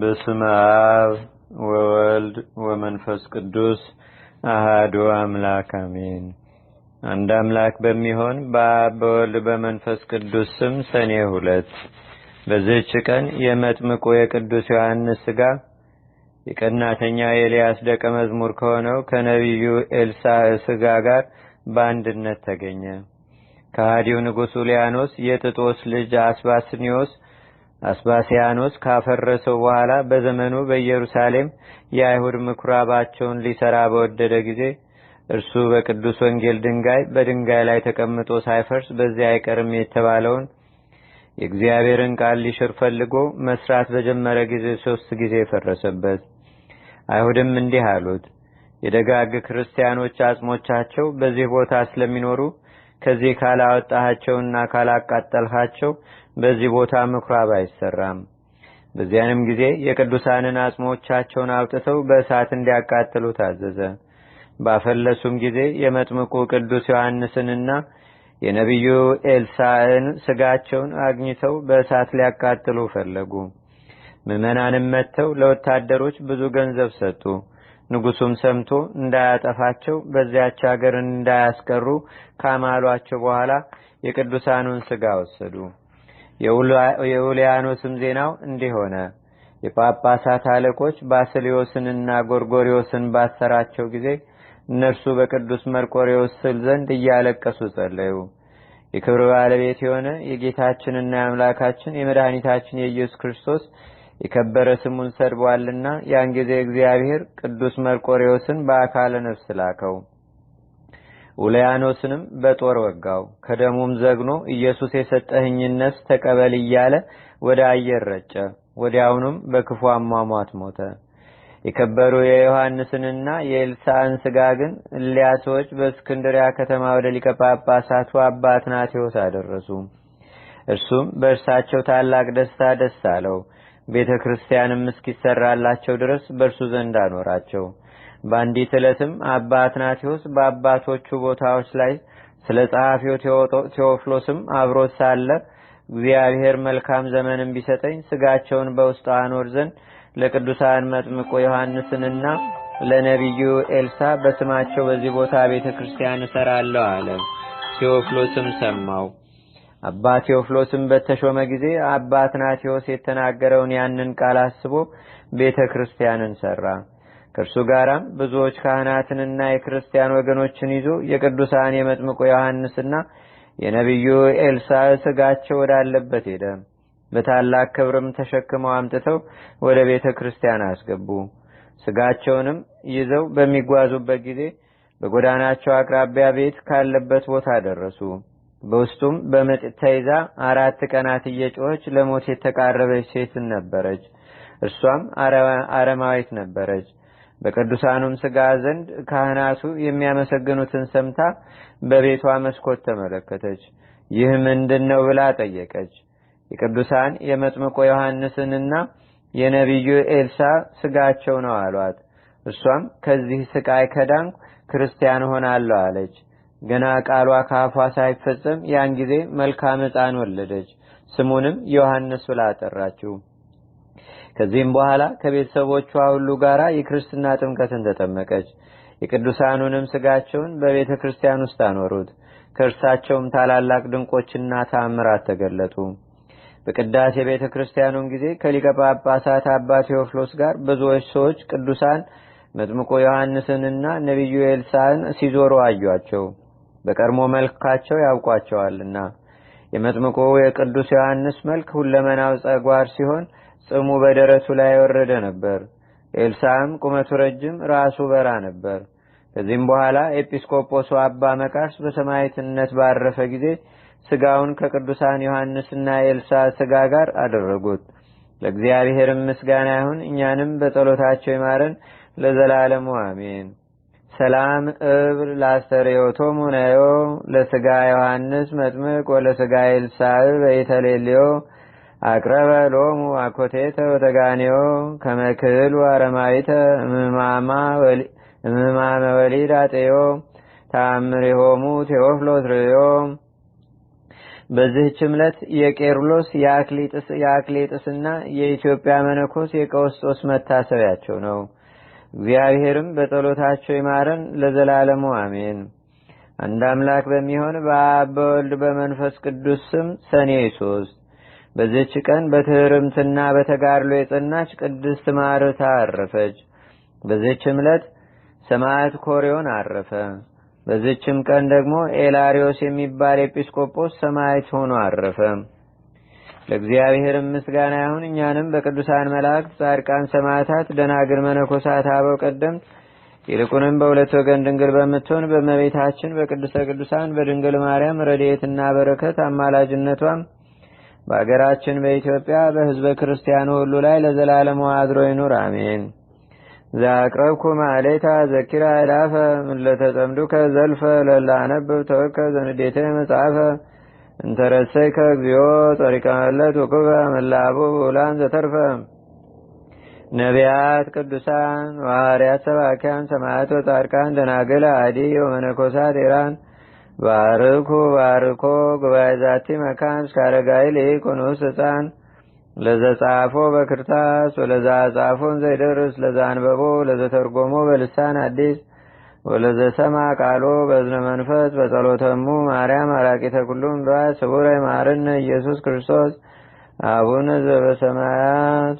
በስመ አብ ወወልድ ወመንፈስ ቅዱስ አሃዱ አምላክ አሜን። አንድ አምላክ በሚሆን በአብ በወልድ በመንፈስ ቅዱስ ስም ሰኔ ሁለት በዚህች ቀን የመጥምቁ የቅዱስ ዮሐንስ ሥጋ የቀናተኛ የኤልያስ ደቀ መዝሙር ከሆነው ከነቢዩ ኤልሳ ሥጋ ጋር በአንድነት ተገኘ። ከሃዲው ንጉሥ ውሊያኖስ የጥጦስ ልጅ አስባስኒዮስ አስባሲያኖስ ካፈረሰው በኋላ በዘመኑ በኢየሩሳሌም የአይሁድ ምኩራባቸውን ሊሰራ በወደደ ጊዜ እርሱ በቅዱስ ወንጌል ድንጋይ በድንጋይ ላይ ተቀምጦ ሳይፈርስ በዚያ አይቀርም የተባለውን የእግዚአብሔርን ቃል ሊሽር ፈልጎ መስራት በጀመረ ጊዜ ሶስት ጊዜ ፈረሰበት። አይሁድም እንዲህ አሉት፣ የደጋግ ክርስቲያኖች አጽሞቻቸው በዚህ ቦታ ስለሚኖሩ ከዚህ ካላወጣሃቸውና ካላቃጠልሃቸው በዚህ ቦታ ምኩራብ አይሰራም። በዚያንም ጊዜ የቅዱሳንን አጽሞቻቸውን አውጥተው በእሳት እንዲያቃጥሉ ታዘዘ። ባፈለሱም ጊዜ የመጥምቁ ቅዱስ ዮሐንስንና የነቢዩ ኤልሳዕን ስጋቸውን አግኝተው በእሳት ሊያቃጥሉ ፈለጉ። ምዕመናንም መጥተው ለወታደሮች ብዙ ገንዘብ ሰጡ። ንጉሱም ሰምቶ እንዳያጠፋቸው በዚያች አገር እንዳያስቀሩ ካማሏቸው በኋላ የቅዱሳኑን ስጋ ወሰዱ። የውሊያኖስም ዜናው እንዲህ ሆነ። የጳጳሳት አለቆች ባስልዮስንና ጎርጎሪዎስን ባሰራቸው ጊዜ እነርሱ በቅዱስ መርቆሪዎስ ስል ዘንድ እያለቀሱ ጸለዩ። የክብር ባለቤት የሆነ የጌታችንና የአምላካችን የመድኃኒታችን የኢየሱስ ክርስቶስ የከበረ ስሙን ሰድቧልና ያን ጊዜ እግዚአብሔር ቅዱስ መርቆሬዎስን በአካለ ነፍስ ላከው ኡልያኖስንም በጦር ወጋው ከደሙም ዘግኖ ኢየሱስ የሰጠህኝን ነፍስ ተቀበል እያለ ወደ አየር ረጨ ወዲያውኑም በክፉ አሟሟት ሞተ የከበሩ የዮሐንስንና የኤልሳን ስጋ ግን እሊያ ሰዎች በእስክንድሪያ ከተማ ወደ ሊቀጳጳሳቱ ጳጳሳቱ አባ አደረሱ እርሱም በእርሳቸው ታላቅ ደስታ ደስ አለው ቤተ ክርስቲያንም እስኪሰራላቸው ድረስ በእርሱ ዘንድ አኖራቸው። በአንዲት ዕለትም አባ አትናቴዎስ በአባቶቹ ቦታዎች ላይ ስለ ጸሐፊው ቴዎፍሎስም አብሮት ሳለ እግዚአብሔር መልካም ዘመንም ቢሰጠኝ ስጋቸውን በውስጡ አኖር ዘንድ ለቅዱሳን መጥምቆ ዮሐንስንና ለነቢዩ ኤልሳ በስማቸው በዚህ ቦታ ቤተ ክርስቲያን እሰራለሁ አለ። ቴዎፍሎስም ሰማው። አባ ቴዎፍሎስም በተሾመ ጊዜ አባ አትናቴዎስ የተናገረውን ያንን ቃል አስቦ ቤተ ክርስቲያንን ሠራ። ከእርሱ ጋራም ብዙዎች ካህናትንና የክርስቲያን ወገኖችን ይዞ የቅዱሳን የመጥምቁ ዮሐንስና የነቢዩ ኤልሳ ስጋቸው ወዳለበት ሄደ። በታላቅ ክብርም ተሸክመው አምጥተው ወደ ቤተ ክርስቲያን አስገቡ። ስጋቸውንም ይዘው በሚጓዙበት ጊዜ በጎዳናቸው አቅራቢያ ቤት ካለበት ቦታ ደረሱ። በውስጡም በምጥ ተይዛ አራት ቀናት እየጮኸች ለሞት የተቃረበች ሴትን ነበረች። እርሷም አረማዊት ነበረች። በቅዱሳኑም ስጋ ዘንድ ካህናቱ የሚያመሰግኑትን ሰምታ በቤቷ መስኮት ተመለከተች። ይህ ምንድን ነው ብላ ጠየቀች። የቅዱሳን የመጥምቆ ዮሐንስንና የነቢዩ ኤልሳ ስጋቸው ነው አሏት። እርሷም ከዚህ ስቃይ ከዳንኩ ክርስቲያን ሆናለሁ አለች። ገና ቃሏ ከአፏ ሳይፈጸም ያን ጊዜ መልካም ሕፃን ወለደች፣ ስሙንም ዮሐንስ ብላ አጠራችው። ከዚህም በኋላ ከቤተሰቦቿ ሁሉ ጋር የክርስትና ጥምቀትን ተጠመቀች። የቅዱሳኑንም ስጋቸውን በቤተ ክርስቲያን ውስጥ አኖሩት። ከእርሳቸውም ታላላቅ ድንቆችና ታምራት ተገለጡ። በቅዳሴ ቤተ ክርስቲያኑን ጊዜ ከሊቀ ጳጳሳት አባ ቴዎፍሎስ ጋር ብዙዎች ሰዎች ቅዱሳን መጥምቆ ዮሐንስንና ነቢዩ ኤልሳን ሲዞሩ አዩቸው በቀድሞ መልካቸው ያውቋቸዋልና የመጥምቁ የቅዱስ ዮሐንስ መልክ ሁለመናው ጸጓር ሲሆን ጽሙ በደረቱ ላይ የወረደ ነበር። ኤልሳም ቁመቱ ረጅም፣ ራሱ በራ ነበር። ከዚህም በኋላ ኤጲስቆጶሱ አባ መቃርስ በሰማይትነት ባረፈ ጊዜ ስጋውን ከቅዱሳን ዮሐንስና ኤልሳ ስጋ ጋር አደረጉት። ለእግዚአብሔርም ምስጋና ይሁን፣ እኛንም በጸሎታቸው ይማረን ለዘላለሙ አሜን። ሰላም እብር ላስተሬዮቶሙ ነዮ ለስጋ ዮሐንስ መጥምቅ ወለስጋ ኤልሳዕ በኢተሌልዮ አቅረበ ሎሙ አኮቴተ ወተጋኔዮ ከመክህል አረማይተ እምማመ ወሊድ አጤዮ ተአምሪሆሙ ቴዎፍሎስ ርእዮ በዚህች ዕለት የቄርሎስ የአክሊጥስና የኢትዮጵያ መነኮስ የቀውስጦስ መታሰቢያቸው ነው። እግዚአብሔርም በጸሎታቸው ይማረን ለዘላለሙ አሜን። አንድ አምላክ በሚሆን በአብ በወልድ በመንፈስ ቅዱስ ስም ሰኔ ሶስት በዚች ቀን በትህርምትና በተጋድሎ የጸናች ቅድስት ማርታ አረፈች። በዚችም ዕለት ሰማያት ኮሪዮን አረፈ። በዚችም ቀን ደግሞ ኤላሪዮስ የሚባል ኤጲስቆጶስ ሰማያት ሆኖ አረፈ። ለእግዚአብሔርም ምስጋና ይሁን። እኛንም በቅዱሳን መላእክት፣ ጻድቃን፣ ሰማዕታት፣ ደናግል፣ መነኮሳት፣ አበው ቀደምት ይልቁንም በሁለት ወገን ድንግል በምትሆን በመቤታችን በቅዱሰ ቅዱሳን በድንግል ማርያም ረድኤትና በረከት አማላጅነቷም በአገራችን በኢትዮጵያ በሕዝበ ክርስቲያኑ ሁሉ ላይ ለዘላለሙ አድሮ ይኑር፣ አሜን። ዘአቅረብኩ ማሌታ ዘኪራ ይላፈ ምለተጸምዱከ ዘልፈ ለላነብብ ተወከ ዘንዴቴ መጽሐፈ እንተረሰይ እግዚኦ ጸሪቀመለት ውክበ መላቡ ብዑላን ዘተርፈ ነቢያት፣ ቅዱሳን፣ ዋርያት፣ ሰባኪያን፣ ሰማያት ወጻድቃን፣ ደናግል፣ አዲ ወመነኮሳት ኢራን ባርኩ ባርኮ ጉባኤ ዛቲ መካን እስከ አረጋዊ ልኢኩን ህፃን ለዘጻፎ በክርታስ ወለዛ ጻፎን ዘይደርስ ለዛ አንበቦ ለዘተርጎሞ በልሳን አዲስ ወለዘሰማ ቃሎ በዝነ መንፈስ በጸሎተሙ ማርያም አራቂተ ኩሉም ድዋ ስቡረ ይማርነ ኢየሱስ ክርስቶስ አቡነ ዘበሰማያት